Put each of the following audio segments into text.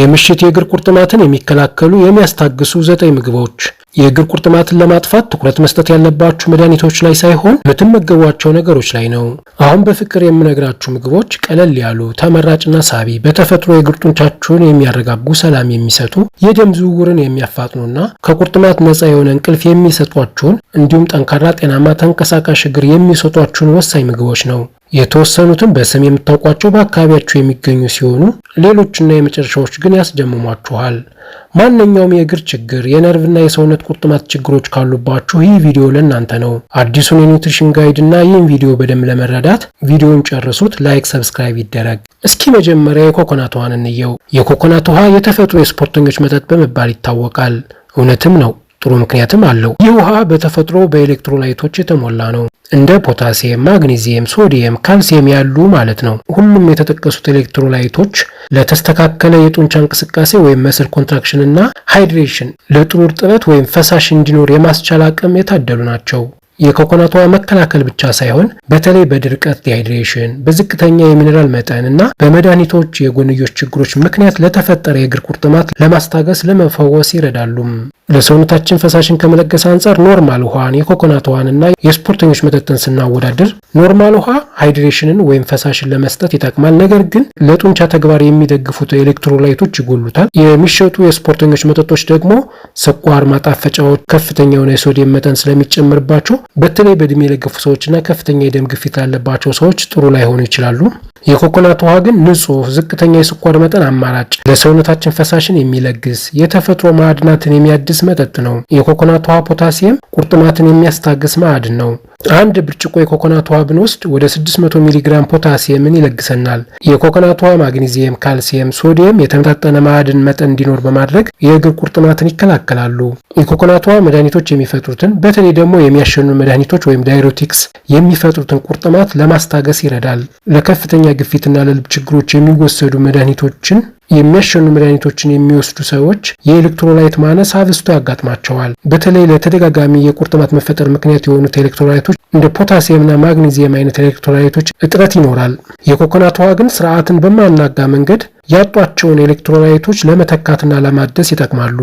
የምሽት የእግር ቁርጥማትን የሚከላከሉ የሚያስታግሱ ዘጠኝ ምግቦች። የእግር ቁርጥማትን ለማጥፋት ትኩረት መስጠት ያለባችሁ መድኃኒቶች ላይ ሳይሆን የምትመገቧቸው ነገሮች ላይ ነው። አሁን በፍቅር የምነግራችሁ ምግቦች ቀለል ያሉ ተመራጭና ሳቢ፣ በተፈጥሮ የእግር ጡንቻችሁን የሚያረጋጉ ሰላም የሚሰጡ የደም ዝውውርን የሚያፋጥኑና ከቁርጥማት ነፃ የሆነ እንቅልፍ የሚሰጧችሁን እንዲሁም ጠንካራ ጤናማ ተንቀሳቃሽ እግር የሚሰጧችሁን ወሳኝ ምግቦች ነው። የተወሰኑትን በስም የምታውቋቸው በአካባቢያቸው የሚገኙ ሲሆኑ ሌሎችና የመጨረሻዎች ግን ያስደምሟችኋል። ማንኛውም የእግር ችግር፣ የነርቭና የሰውነት ቁርጥማት ችግሮች ካሉባችሁ ይህ ቪዲዮ ለእናንተ ነው። አዲሱን የኒውትሪሽን ጋይድ እና ይህን ቪዲዮ በደንብ ለመረዳት ቪዲዮን ጨርሱት። ላይክ፣ ሰብስክራይብ ይደረግ። እስኪ መጀመሪያ የኮኮናት ውሃን እንየው። የኮኮናት ውሃ የተፈጥሮ የስፖርተኞች መጠጥ በመባል ይታወቃል። እውነትም ነው። ጥሩ ምክንያትም አለው። ይህ ውሃ በተፈጥሮ በኤሌክትሮላይቶች የተሞላ ነው። እንደ ፖታሲየም፣ ማግኔዚየም፣ ሶዲየም፣ ካልሲየም ያሉ ማለት ነው። ሁሉም የተጠቀሱት ኤሌክትሮላይቶች ለተስተካከለ የጡንቻ እንቅስቃሴ ወይም መስል ኮንትራክሽን እና ሃይድሬሽን ለጥሩ እርጥበት ወይም ፈሳሽ እንዲኖር የማስቻል አቅም የታደሉ ናቸው። የኮኮናት ውሃ መከላከል ብቻ ሳይሆን በተለይ በድርቀት ዲሃይድሬሽን፣ በዝቅተኛ የሚኔራል መጠን እና በመድኃኒቶች የጎንዮሽ ችግሮች ምክንያት ለተፈጠረ የእግር ቁርጥማት ለማስታገስ፣ ለመፈወስ ይረዳሉ። ለሰውነታችን ፈሳሽን ከመለገስ አንጻር ኖርማል ውሃን የኮኮናት ውሃን እና የስፖርተኞች መጠጥን ስናወዳድር ኖርማል ውሃ ሃይድሬሽንን ወይም ፈሳሽን ለመስጠት ይጠቅማል። ነገር ግን ለጡንቻ ተግባር የሚደግፉት ኤሌክትሮላይቶች ይጎሉታል። የሚሸጡ የስፖርተኞች መጠጦች ደግሞ ስኳር፣ ማጣፈጫዎች፣ ከፍተኛ የሆነ የሶዲየም መጠን ስለሚጨምርባቸው በተለይ በእድሜ የለገፉ ሰዎችና ከፍተኛ የደም ግፊት ላለባቸው ሰዎች ጥሩ ላይሆኑ ይችላሉ። የኮኮናት ውሃ ግን ንጹህ፣ ዝቅተኛ የስኳር መጠን አማራጭ፣ ለሰውነታችን ፈሳሽን የሚለግስ የተፈጥሮ ማዕድናትን የሚያድስ መጠጥ ነው። የኮኮናት ውሃ ፖታሲየም ቁርጥማትን የሚያስታግስ ማዕድን ነው። አንድ ብርጭቆ የኮኮናት ውሃ ብንወስድ ወደ 600 ሚሊግራም ፖታሲየምን ይለግሰናል። የኮኮናት ውሃ ማግኒዚየም፣ ካልሲየም፣ ሶዲየም የተመጣጠነ ማዕድን መጠን እንዲኖር በማድረግ የእግር ቁርጥማትን ይከላከላሉ። የኮኮናት ውሃ መድኃኒቶች የሚፈጥሩትን በተለይ ደግሞ የሚያሸኑ መድኃኒቶች ወይም ዳይሮቲክስ የሚፈጥሩትን ቁርጥማት ለማስታገስ ይረዳል። ለከፍተኛ ግፊትና ለልብ ችግሮች የሚወሰዱ መድኃኒቶችን የሚያሸኑ መድኃኒቶችን የሚወስዱ ሰዎች የኤሌክትሮላይት ማነስ አብስቶ ያጋጥማቸዋል። በተለይ ለተደጋጋሚ የቁርጥማት መፈጠር ምክንያት የሆኑት ኤሌክትሮላይቶች እንደ ፖታሲየምና ማግኔዚየም አይነት ኤሌክትሮላይቶች እጥረት ይኖራል። የኮኮናት ውሃ ግን ስርዓትን በማናጋ መንገድ ያጧቸውን ኤሌክትሮላይቶች ለመተካትና ለማደስ ይጠቅማሉ።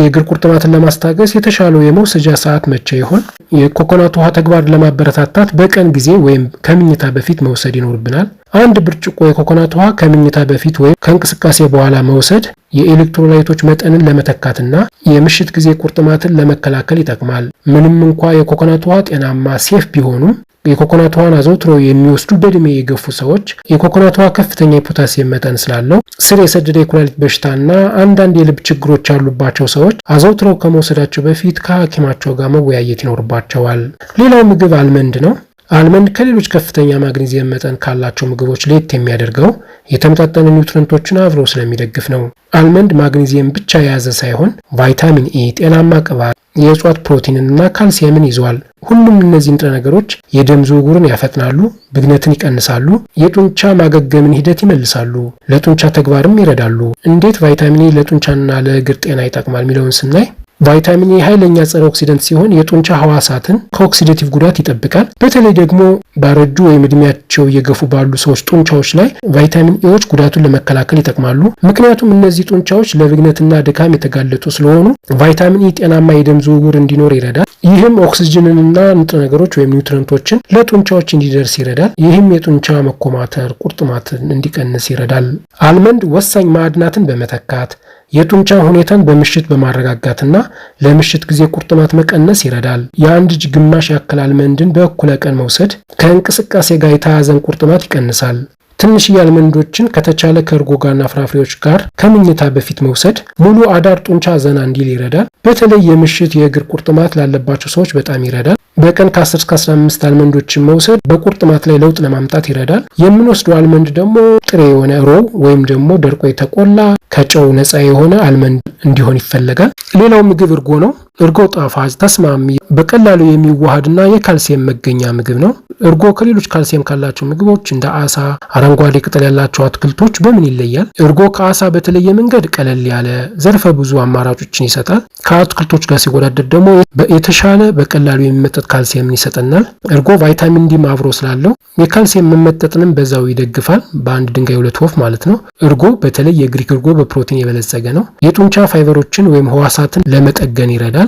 የእግር ቁርጥማትን ለማስታገስ የተሻለው የመውሰጃ ሰዓት መቼ ይሆን? የኮኮናት ውሃ ተግባር ለማበረታታት በቀን ጊዜ ወይም ከምኝታ በፊት መውሰድ ይኖርብናል። አንድ ብርጭቆ የኮኮናት ውሃ ከምኝታ በፊት ወይም ከእንቅስቃሴ በኋላ መውሰድ የኤሌክትሮላይቶች መጠንን ለመተካትና የምሽት ጊዜ ቁርጥማትን ለመከላከል ይጠቅማል። ምንም እንኳ የኮኮናት ውሃ ጤናማ ሴፍ ቢሆኑም የኮኮናት ውሃን አዘውትሮ የሚወስዱ በእድሜ የገፉ ሰዎች የኮኮናት ውሃ ከፍተኛ የፖታሲየም መጠን ስላለው ስር የሰደደ የኩላሊት በሽታና አንዳንድ የልብ ችግሮች ያሉባቸው ሰዎች አዘውትረው ከመውሰዳቸው በፊት ከሐኪማቸው ጋር መወያየት ይኖርባቸዋል። ሌላው ምግብ አልመንድ ነው። አልመንድ ከሌሎች ከፍተኛ ማግኔዚየም መጠን ካላቸው ምግቦች ለየት የሚያደርገው የተመጣጠነ ኒውትረንቶችን አብሮ ስለሚደግፍ ነው። አልመንድ ማግኔዚየም ብቻ የያዘ ሳይሆን ቫይታሚን ኢ፣ ጤናማ ቅባት የእጽዋት ፕሮቲንንና ካልሲየምን ይዘዋል። ሁሉም እነዚህ ንጥረ ነገሮች የደም ዝውውርን ያፈጥናሉ፣ ብግነትን ይቀንሳሉ፣ የጡንቻ ማገገምን ሂደት ይመልሳሉ፣ ለጡንቻ ተግባርም ይረዳሉ። እንዴት ቫይታሚን ኤ ለጡንቻና ለእግር ጤና ይጠቅማል የሚለውን ስናይ ቫይታሚን ኤ ኃይለኛ ጸረ ኦክሲደንት ሲሆን የጡንቻ ህዋሳትን ከኦክሲዴቲቭ ጉዳት ይጠብቃል። በተለይ ደግሞ ባረጁ ወይም እድሜያቸው እየገፉ ባሉ ሰዎች ጡንቻዎች ላይ ቫይታሚን ኤዎች ጉዳቱን ለመከላከል ይጠቅማሉ። ምክንያቱም እነዚህ ጡንቻዎች ለብግነትና ድካም የተጋለጡ ስለሆኑ ቫይታሚን ኤ ጤናማ የደም ዝውውር እንዲኖር ይረዳል። ይህም ኦክስጅንንና ንጥረ ነገሮች ወይም ኒውትረንቶችን ለጡንቻዎች እንዲደርስ ይረዳል። ይህም የጡንቻ መኮማተር፣ ቁርጥማትን እንዲቀንስ ይረዳል። አልመንድ ወሳኝ ማዕድናትን በመተካት የጡንቻ ሁኔታን በምሽት በማረጋጋትና ለምሽት ጊዜ ቁርጥማት መቀነስ ይረዳል። የአንድ እጅ ግማሽ ያክል አልመንድን በእኩለ ቀን መውሰድ ከእንቅስቃሴ ጋር የተያያዘን ቁርጥማት ይቀንሳል። ትንሽዬ አልመንዶችን ከተቻለ ከእርጎ ጋርና ፍራፍሬዎች ጋር ከምኝታ በፊት መውሰድ ሙሉ አዳር ጡንቻ ዘና እንዲል ይረዳል። በተለይ የምሽት የእግር ቁርጥማት ላለባቸው ሰዎች በጣም ይረዳል። በቀን ከ10 እስከ 15 አልመንዶችን መውሰድ በቁርጥማት ላይ ለውጥ ለማምጣት ይረዳል። የምንወስደው አልመንድ ደግሞ ጥሬ የሆነ ሮው ወይም ደግሞ ደርቆ የተቆላ ከጨው ነፃ የሆነ አልመንድ እንዲሆን ይፈለጋል። ሌላው ምግብ እርጎ ነው። እርጎ ጣፋጭ፣ ተስማሚ፣ በቀላሉ የሚዋሃድና የካልሲየም መገኛ ምግብ ነው። እርጎ ከሌሎች ካልሲየም ካላቸው ምግቦች እንደ አሳ፣ አረንጓዴ ቅጠል ያላቸው አትክልቶች በምን ይለያል? እርጎ ከአሳ በተለየ መንገድ ቀለል ያለ ዘርፈ ብዙ አማራጮችን ይሰጣል። ከአትክልቶች ጋር ሲወዳደር ደግሞ የተሻለ በቀላሉ የሚመጠጥ ካልሲየምን ይሰጠናል። እርጎ ቫይታሚን ዲም አብሮ ስላለው የካልሲየም መመጠጥንም በዛው ይደግፋል። በአንድ ድንጋይ ሁለት ወፍ ማለት ነው። እርጎ በተለይ የግሪክ እርጎ በፕሮቲን የበለጸገ ነው። የጡንቻ ፋይበሮችን ወይም ህዋሳትን ለመጠገን ይረዳል።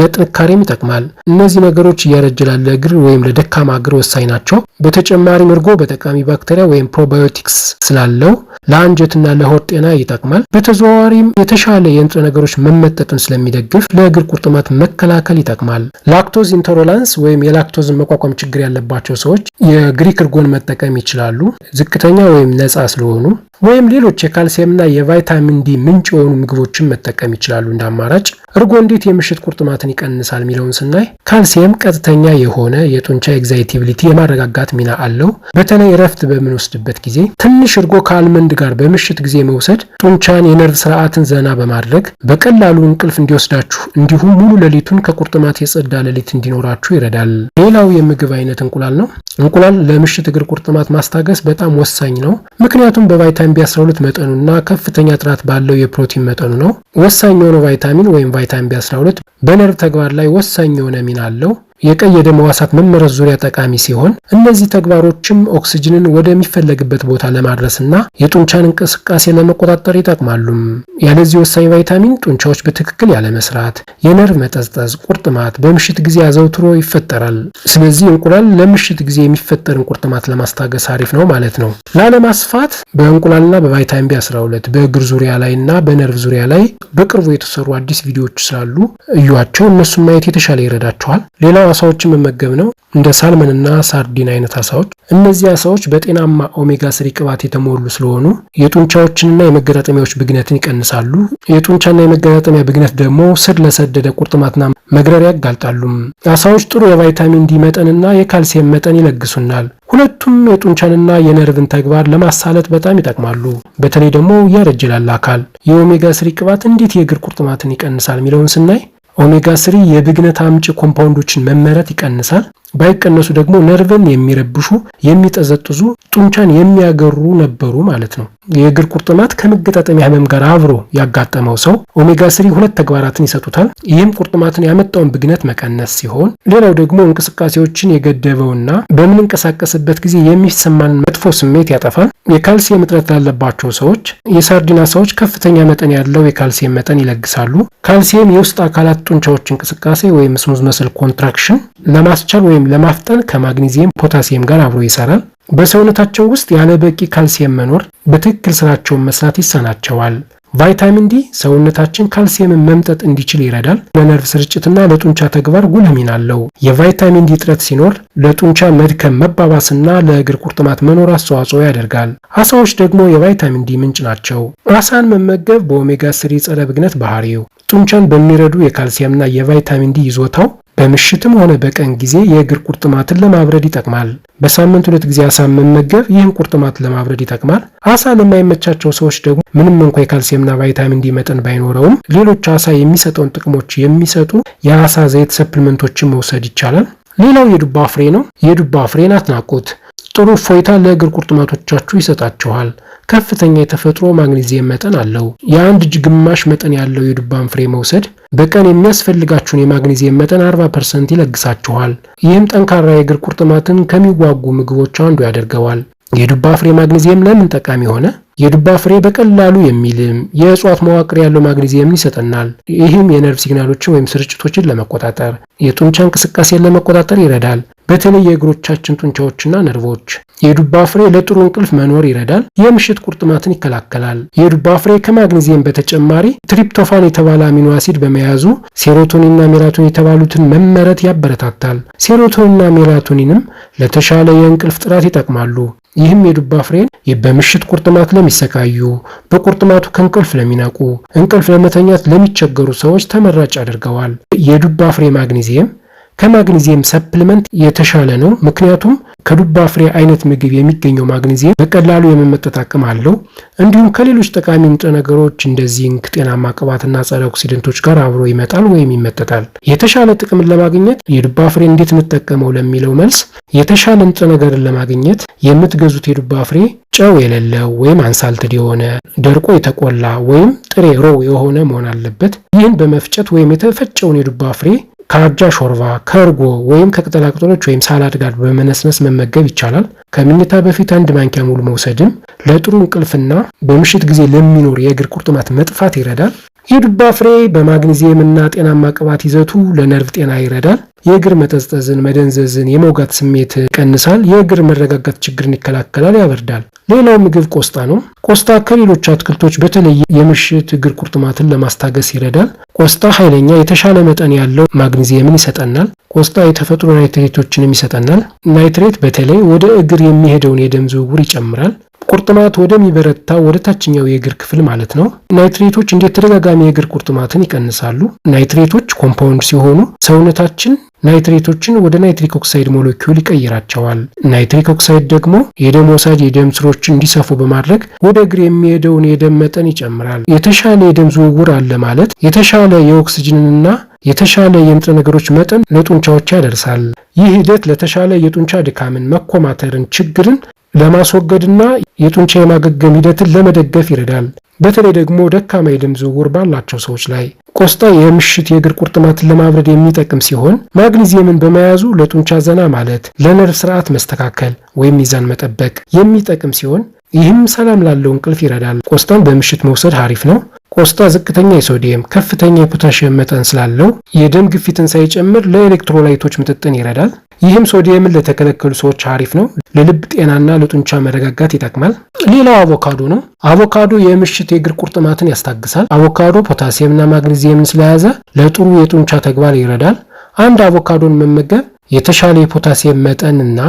ለጥንካሬም ይጠቅማል። እነዚህ ነገሮች እያረጀ ላለ እግር ወይም ለደካማ እግር ወሳኝ ናቸው። በተጨማሪም እርጎ በጠቃሚ ባክቴሪያ ወይም ፕሮባዮቲክስ ስላለው ለአንጀትና ለሆድ ጤና ይጠቅማል። በተዘዋዋሪም የተሻለ የንጥረ ነገሮች መመጠጥን ስለሚደግፍ ለእግር ቁርጥማት መከላከል ይጠቅማል። ላክቶዝ ኢንቶሮላንስ ወይም የላክቶዝን መቋቋም ችግር ያለባቸው ሰዎች የግሪክ እርጎን መጠቀም ይችላሉ ዝቅተኛ ወይም ነጻ ስለሆኑ ወይም ሌሎች የካልሲየምና የቫይታሚን ዲ ምንጭ የሆኑ ምግቦችን መጠቀም ይችላሉ እንደ አማራጭ። እርጎ እንዴት የምሽት ቁርጥማት መሰራጨትን ይቀንሳል የሚለውን ስናይ ካልሲየም ቀጥተኛ የሆነ የጡንቻ ኤግዛይቲቢሊቲ የማረጋጋት ሚና አለው። በተለይ እረፍት በምንወስድበት ጊዜ ትንሽ እርጎ ከአልመንድ ጋር በምሽት ጊዜ መውሰድ ጡንቻን፣ የነርቭ ስርዓትን ዘና በማድረግ በቀላሉ እንቅልፍ እንዲወስዳችሁ እንዲሁም ሙሉ ሌሊቱን ከቁርጥማት የጸዳ ሌሊት እንዲኖራችሁ ይረዳል። ሌላው የምግብ አይነት እንቁላል ነው። እንቁላል ለምሽት እግር ቁርጥማት ማስታገስ በጣም ወሳኝ ነው። ምክንያቱም በቫይታሚን ቢ12 መጠኑና ከፍተኛ ጥራት ባለው የፕሮቲን መጠኑ ነው። ወሳኝ የሆነው ቫይታሚን ወይም ቫይታሚን ቢ12 በነር ተግባር ላይ ወሳኝ የሆነ ሚና አለው። የቀይ የደም ሕዋሳት መመረዝ ዙሪያ ጠቃሚ ሲሆን እነዚህ ተግባሮችም ኦክስጅንን ወደሚፈለግበት ቦታ ለማድረስና የጡንቻን እንቅስቃሴ ለመቆጣጠር ይጠቅማሉም። ያለዚህ ወሳኝ ቫይታሚን ጡንቻዎች በትክክል ያለመስራት፣ የነርቭ መጠዝጠዝ፣ ቁርጥማት በምሽት ጊዜ አዘውትሮ ይፈጠራል። ስለዚህ እንቁላል ለምሽት ጊዜ የሚፈጠርን ቁርጥማት ለማስታገስ አሪፍ ነው ማለት ነው። ላለማስፋት በእንቁላልና በቫይታሚን ቢ12 በእግር ዙሪያ ላይ እና በነርቭ ዙሪያ ላይ በቅርቡ የተሰሩ አዲስ ቪዲዮዎች ስላሉ እዩዋቸው። እነሱን ማየት የተሻለ ይረዳቸዋል። ሌላው አሳዎችን መመገብ ነው። እንደ ሳልመንና ሳርዲን አይነት አሳዎች። እነዚህ አሳዎች በጤናማ ኦሜጋ ስሪ ቅባት የተሞሉ ስለሆኑ የጡንቻዎችንና የመገጣጠሚያዎች ብግነትን ይቀንሳሉ። የጡንቻና የመገጣጠሚያ ብግነት ደግሞ ስር ለሰደደ ቁርጥማትና መግረር ያጋልጣሉ። አሳዎች ጥሩ የቫይታሚን ዲ መጠንና የካልሲየም መጠን ይለግሱናል። ሁለቱም የጡንቻንና የነርቭን ተግባር ለማሳለጥ በጣም ይጠቅማሉ። በተለይ ደግሞ ያረጅላል አካል የኦሜጋ ስሪ ቅባት እንዴት የእግር ቁርጥማትን ይቀንሳል የሚለውን ስናይ ኦሜጋ ስሪ የብግነት አምጪ ኮምፓውንዶችን መመረት ይቀንሳል። ባይቀነሱ ደግሞ ነርቭን የሚረብሹ የሚጠዘጥዙ ጡንቻን የሚያገሩ ነበሩ ማለት ነው። የእግር ቁርጥማት ከመገጣጠሚያ ህመም ጋር አብሮ ያጋጠመው ሰው ኦሜጋ ስሪ ሁለት ተግባራትን ይሰጡታል። ይህም ቁርጥማትን ያመጣውን ብግነት መቀነስ ሲሆን፣ ሌላው ደግሞ እንቅስቃሴዎችን የገደበውና በምንንቀሳቀስበት ጊዜ የሚሰማን መጥፎ ስሜት ያጠፋል። የካልሲየም እጥረት ላለባቸው ሰዎች የሳርዲና ሰዎች ከፍተኛ መጠን ያለው የካልሲየም መጠን ይለግሳሉ። ካልሲየም የውስጥ አካላት ጡንቻዎች እንቅስቃሴ ወይም ስሙዝ መስል ኮንትራክሽን ለማስቻል ወይም ለማፍጠን ከማግኒዚየም ፖታሲየም ጋር አብሮ ይሰራል። በሰውነታቸው ውስጥ ያለ በቂ ካልሲየም መኖር በትክክል ስራቸውን መስራት ይሳናቸዋል። ቫይታሚን ዲ ሰውነታችን ካልሲየምን መምጠጥ እንዲችል ይረዳል። ለነርቭ ስርጭትና ለጡንቻ ተግባር ጉልህ ሚና አለው። የቫይታሚን ዲ እጥረት ሲኖር ለጡንቻ መድከም፣ መባባስና ለእግር ቁርጥማት መኖር አስተዋጽኦ ያደርጋል። አሳዎች ደግሞ የቫይታሚን ዲ ምንጭ ናቸው። አሳን መመገብ በኦሜጋ ስሪ ጸረ ብግነት ባህሪው ጡንቻን በሚረዱ የካልሲየምና የቫይታሚን ዲ ይዞታው በምሽትም ሆነ በቀን ጊዜ የእግር ቁርጥማትን ለማብረድ ይጠቅማል። በሳምንት ሁለት ጊዜ አሳ መመገብ ይህን ቁርጥማት ለማብረድ ይጠቅማል። አሳ ለማይመቻቸው ሰዎች ደግሞ ምንም እንኳ የካልሲየምና ቫይታሚን ዲ መጠን ባይኖረውም ሌሎች አሳ የሚሰጠውን ጥቅሞች የሚሰጡ የአሳ ዘይት ሰፕልመንቶችን መውሰድ ይቻላል። ሌላው የዱባ ፍሬ ነው። የዱባ ፍሬን አትናቁት። ጥሩ እፎይታ ለእግር ቁርጥማቶቻችሁ ይሰጣችኋል። ከፍተኛ የተፈጥሮ ማግኔዚየም መጠን አለው። የአንድ እጅ ግማሽ መጠን ያለው የዱባን ፍሬ መውሰድ በቀን የሚያስፈልጋችሁን የማግኔዚየም መጠን 40 ፐርሰንት ይለግሳችኋል። ይህም ጠንካራ የእግር ቁርጥማትን ከሚዋጉ ምግቦች አንዱ ያደርገዋል። የዱባ ፍሬ ማግኔዚየም ለምን ጠቃሚ ሆነ? የዱባ ፍሬ በቀላሉ የሚልም የእጽዋት መዋቅር ያለው ማግኔዚየምን ይሰጠናል። ይህም የነርቭ ሲግናሎችን ወይም ስርጭቶችን ለመቆጣጠር፣ የጡንቻ እንቅስቃሴን ለመቆጣጠር ይረዳል። በተለይ የእግሮቻችን ጡንቻዎችና ነርቮች። የዱባ ፍሬ ለጥሩ እንቅልፍ መኖር ይረዳል። የምሽት ቁርጥማትን ይከላከላል። የዱባ ፍሬ ከማግኔዚየም በተጨማሪ ትሪፕቶፋን የተባለ አሚኖ አሲድ በመያዙ ሴሮቶኒንና ሜላቶኒን የተባሉትን መመረት ያበረታታል። ሴሮቶኒንና ሜላቶኒንም ለተሻለ የእንቅልፍ ጥራት ይጠቅማሉ። ይህም የዱባ ፍሬን በምሽት ቁርጥማት ለሚሰቃዩ፣ በቁርጥማቱ ከእንቅልፍ ለሚነቁ፣ እንቅልፍ ለመተኛት ለሚቸገሩ ሰዎች ተመራጭ አድርገዋል። የዱባ ፍሬ ማግኔዚየም ከማግኒዚየም ሰፕልመንት የተሻለ ነው። ምክንያቱም ከዱባ ፍሬ አይነት ምግብ የሚገኘው ማግኒዚየም በቀላሉ የመመጠት አቅም አለው። እንዲሁም ከሌሎች ጠቃሚ ንጥረ ነገሮች እንደ ዚንክ፣ ጤናማ ቅባትና ጸረ ኦክሲደንቶች ጋር አብሮ ይመጣል ወይም ይመጠጣል። የተሻለ ጥቅምን ለማግኘት የዱባ ፍሬ እንዴት እንጠቀመው ለሚለው መልስ የተሻለ ንጥረ ነገርን ለማግኘት የምትገዙት የዱባ ፍሬ ጨው የሌለው ወይም አንሳልትድ የሆነ ደርቆ የተቆላ ወይም ጥሬ ሮው የሆነ መሆን አለበት። ይህን በመፍጨት ወይም የተፈጨውን የዱባ ፍሬ ከአጃ ሾርባ፣ ከእርጎ ወይም ከቅጠላቅጠሎች ወይም ሳላድ ጋር በመነስነስ መመገብ ይቻላል። ከምኝታ በፊት አንድ ማንኪያ ሙሉ መውሰድም ለጥሩ እንቅልፍና በምሽት ጊዜ ለሚኖር የእግር ቁርጥማት መጥፋት ይረዳል። የዱባ ፍሬ በማግኒዚየም እና ጤናማ ቅባት ይዘቱ ለነርቭ ጤና ይረዳል። የእግር መጠዝጠዝን፣ መደንዘዝን፣ የመውጋት ስሜት ይቀንሳል። የእግር መረጋጋት ችግርን ይከላከላል፣ ያበርዳል። ሌላው ምግብ ቆስጣ ነው። ቆስጣ ከሌሎች አትክልቶች በተለየ የምሽት እግር ቁርጥማትን ለማስታገስ ይረዳል። ቆስጣ ኃይለኛ የተሻለ መጠን ያለው ማግኒዚየምን ይሰጠናል። ቆስጣ የተፈጥሮ ናይትሬቶችንም ይሰጠናል። ናይትሬት በተለይ ወደ እግር የሚሄደውን የደም ዝውውር ይጨምራል። ቁርጥማት ወደሚበረታ ወደ ታችኛው የእግር ክፍል ማለት ነው። ናይትሬቶች እንዴት ተደጋጋሚ የእግር ቁርጥማትን ይቀንሳሉ? ናይትሬቶች ኮምፓውንድ ሲሆኑ ሰውነታችን ናይትሬቶችን ወደ ናይትሪክ ኦክሳይድ ሞለኪውል ይቀይራቸዋል። ናይትሪክ ኦክሳይድ ደግሞ የደም ወሳጅ የደም ስሮች እንዲሰፉ በማድረግ ወደ እግር የሚሄደውን የደም መጠን ይጨምራል። የተሻለ የደም ዝውውር አለ ማለት የተሻለ የኦክስጅንንና የተሻለ የንጥረ ነገሮች መጠን ለጡንቻዎች ያደርሳል። ይህ ሂደት ለተሻለ የጡንቻ ድካምን፣ መኮማተርን፣ ችግርን ለማስወገድና የጡንቻ የማገገም ሂደትን ለመደገፍ ይረዳል። በተለይ ደግሞ ደካማ የደም ዝውውር ባላቸው ሰዎች ላይ ቆስጣ የምሽት የእግር ቁርጥማትን ለማብረድ የሚጠቅም ሲሆን ማግኒዚየምን በመያዙ ለጡንቻ ዘና ማለት፣ ለነርቭ ስርዓት መስተካከል ወይም ሚዛን መጠበቅ የሚጠቅም ሲሆን ይህም ሰላም ላለው እንቅልፍ ይረዳል። ቆስጣን በምሽት መውሰድ አሪፍ ነው። ቆስጣ ዝቅተኛ የሶዲየም ከፍተኛ የፖታሽየም መጠን ስላለው የደም ግፊትን ሳይጨምር ለኤሌክትሮላይቶች ምጥጥን ይረዳል። ይህም ሶዲየምን ለተከለከሉ ሰዎች አሪፍ ነው። ለልብ ጤናና ለጡንቻ መረጋጋት ይጠቅማል። ሌላው አቮካዶ ነው። አቮካዶ የምሽት የእግር ቁርጥማትን ያስታግሳል። አቮካዶ ፖታሲየምና ማግኔዚየምን ስለያዘ ለጥሩ የጡንቻ ተግባር ይረዳል። አንድ አቮካዶን መመገብ የተሻለ የፖታሲየም መጠንና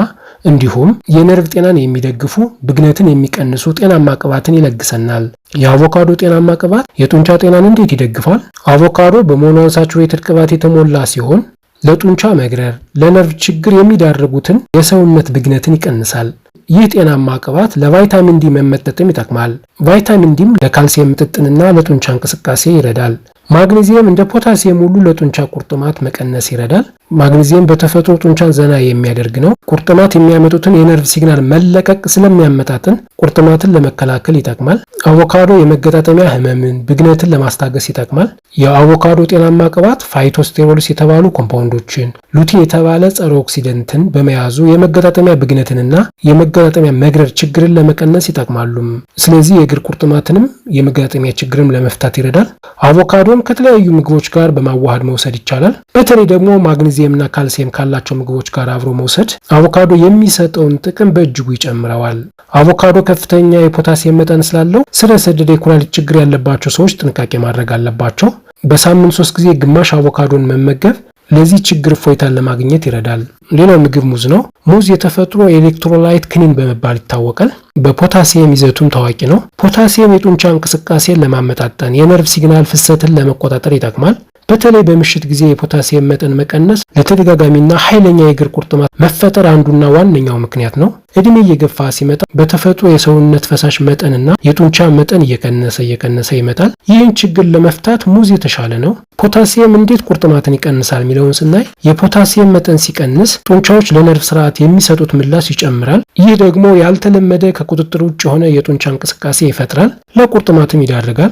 እንዲሁም የነርቭ ጤናን የሚደግፉ ብግነትን የሚቀንሱ ጤናማ ቅባትን ይለግሰናል። የአቮካዶ ጤናማ ቅባት የጡንቻ ጤናን እንዴት ይደግፋል? አቮካዶ በሞኖአንሳቹሬትድ ቅባት የተሞላ ሲሆን ለጡንቻ መግረር፣ ለነርቭ ችግር የሚዳርጉትን የሰውነት ብግነትን ይቀንሳል። ይህ ጤናማ ቅባት ለቫይታሚን ዲ መመጠጥም ይጠቅማል። ቫይታሚን ዲም ለካልሲየም ምጥጥንና ለጡንቻ እንቅስቃሴ ይረዳል። ማግኔዚየም እንደ ፖታሲየም ሁሉ ለጡንቻ ቁርጥማት መቀነስ ይረዳል። ማግኔዚየም በተፈጥሮ ጡንቻን ዘና የሚያደርግ ነው። ቁርጥማት የሚያመጡትን የነርቭ ሲግናል መለቀቅ ስለሚያመጣጥን ቁርጥማትን ለመከላከል ይጠቅማል። አቮካዶ የመገጣጠሚያ ህመምን፣ ብግነትን ለማስታገስ ይጠቅማል። የአቮካዶ ጤናማ ቅባት ፋይቶስቴሮልስ የተባሉ ኮምፓውንዶችን፣ ሉቲ የተባለ ጸረ ኦክሲደንትን በመያዙ የመገጣጠሚያ ብግነትንና የመገጣጠሚያ መግረር ችግርን ለመቀነስ ይጠቅማሉም። ስለዚህ የእግር ቁርጥማትንም የመገጣጠሚያ ችግርም ለመፍታት ይረዳል። አቮካዶም ከተለያዩ ምግቦች ጋር በማዋሃድ መውሰድ ይቻላል። በተለይ ደግሞ ማግኔዚየምና ካልሲየም ካላቸው ምግቦች ጋር አብሮ መውሰድ አቮካዶ የሚሰጠውን ጥቅም በእጅጉ ይጨምረዋል። አቮካዶ ከፍተኛ የፖታሲየም መጠን ስላለው ስር የሰደደ የኩላሊት ችግር ያለባቸው ሰዎች ጥንቃቄ ማድረግ አለባቸው። በሳምንት ሶስት ጊዜ ግማሽ አቮካዶን መመገብ ለዚህ ችግር እፎይታን ለማግኘት ይረዳል። ሌላው ምግብ ሙዝ ነው። ሙዝ የተፈጥሮ ኤሌክትሮላይት ክኒን በመባል ይታወቃል። በፖታሲየም ይዘቱም ታዋቂ ነው። ፖታሲየም የጡንቻ እንቅስቃሴን ለማመጣጠን፣ የነርቭ ሲግናል ፍሰትን ለመቆጣጠር ይጠቅማል። በተለይ በምሽት ጊዜ የፖታሲየም መጠን መቀነስ ለተደጋጋሚና ኃይለኛ የእግር ቁርጥማት መፈጠር አንዱና ዋነኛው ምክንያት ነው። እድሜ እየገፋ ሲመጣ በተፈጥሮ የሰውነት ፈሳሽ መጠንና የጡንቻ መጠን እየቀነሰ እየቀነሰ ይመጣል። ይህን ችግር ለመፍታት ሙዝ የተሻለ ነው። ፖታሲየም እንዴት ቁርጥማትን ይቀንሳል የሚለውን ስናይ የፖታሲየም መጠን ሲቀንስ ጡንቻዎች ለነርቭ ስርዓት የሚሰጡት ምላሽ ይጨምራል። ይህ ደግሞ ያልተለመደ ከቁጥጥር ውጭ የሆነ የጡንቻ እንቅስቃሴ ይፈጥራል፣ ለቁርጥማትም ይዳርጋል።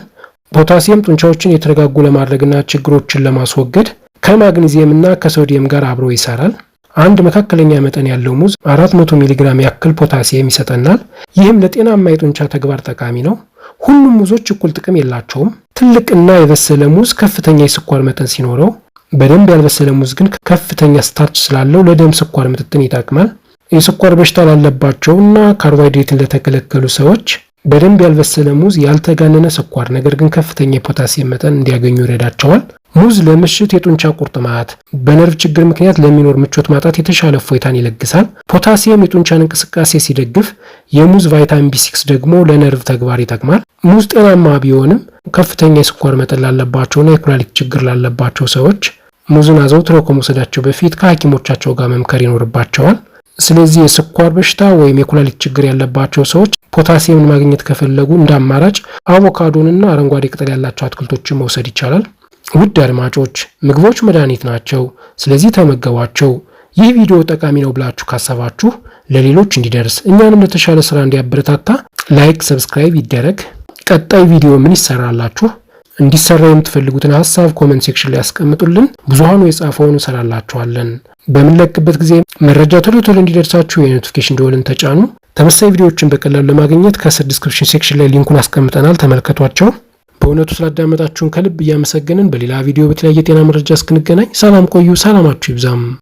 ፖታሲየም ጡንቻዎችን የተረጋጉ ለማድረግና ችግሮችን ለማስወገድ ከማግኒዚየም እና ከሶዲየም ጋር አብሮ ይሰራል። አንድ መካከለኛ መጠን ያለው ሙዝ 400 ሚሊግራም ያክል ፖታሲየም ይሰጠናል። ይህም ለጤናማ የጡንቻ ተግባር ጠቃሚ ነው። ሁሉም ሙዞች እኩል ጥቅም የላቸውም። ትልቅና የበሰለ ሙዝ ከፍተኛ የስኳር መጠን ሲኖረው በደንብ ያልበሰለ ሙዝ ግን ከፍተኛ ስታርች ስላለው ለደም ስኳር ምጥጥን ይጠቅማል። የስኳር በሽታ ላለባቸው እና ካርቦሃይድሬትን ለተከለከሉ ሰዎች በደንብ ያልበሰለ ሙዝ ያልተጋነነ ስኳር፣ ነገር ግን ከፍተኛ የፖታሲየም መጠን እንዲያገኙ ይረዳቸዋል። ሙዝ ለምሽት የጡንቻ ቁርጥማት፣ በነርቭ ችግር ምክንያት ለሚኖር ምቾት ማጣት የተሻለ ፎይታን ይለግሳል። ፖታሲየም የጡንቻን እንቅስቃሴ ሲደግፍ፣ የሙዝ ቫይታሚን ቢሲክስ ደግሞ ለነርቭ ተግባር ይጠቅማል። ሙዝ ጤናማ ቢሆንም ከፍተኛ የስኳር መጠን ላለባቸውና የኩላሊት ችግር ላለባቸው ሰዎች ሙዝን አዘውትረው ከመውሰዳቸው በፊት ከሐኪሞቻቸው ጋር መምከር ይኖርባቸዋል። ስለዚህ የስኳር በሽታ ወይም የኩላሊት ችግር ያለባቸው ሰዎች ፖታሲየምን ማግኘት ከፈለጉ እንደ አማራጭ አቮካዶንና አረንጓዴ ቅጠል ያላቸው አትክልቶችን መውሰድ ይቻላል። ውድ አድማጮች፣ ምግቦች መድኃኒት ናቸው፣ ስለዚህ ተመገቧቸው። ይህ ቪዲዮ ጠቃሚ ነው ብላችሁ ካሰባችሁ ለሌሎች እንዲደርስ እኛንም ለተሻለ ስራ እንዲያበረታታ ላይክ፣ ሰብስክራይብ ይደረግ። ቀጣይ ቪዲዮ ምን ይሰራላችሁ? እንዲሰራ የምትፈልጉትን ሀሳብ ኮመንት ሴክሽን ላይ ያስቀምጡልን። ብዙሀኑ የጻፈውን እንሰራላችኋለን። በምንለቅበት ጊዜ መረጃ ቶሎ ቶሎ እንዲደርሳችሁ የኖቲፊኬሽን ደወልን ተጫኑ። ተመሳሳይ ቪዲዮዎችን በቀላሉ ለማግኘት ከስር ዲስክሪፕሽን ሴክሽን ላይ ሊንኩን አስቀምጠናል። ተመልከቷቸው። በእውነቱ ስላዳመጣችሁን ከልብ እያመሰገንን በሌላ ቪዲዮ በተለያየ ጤና መረጃ እስክንገናኝ ሰላም ቆዩ። ሰላማችሁ ይብዛም።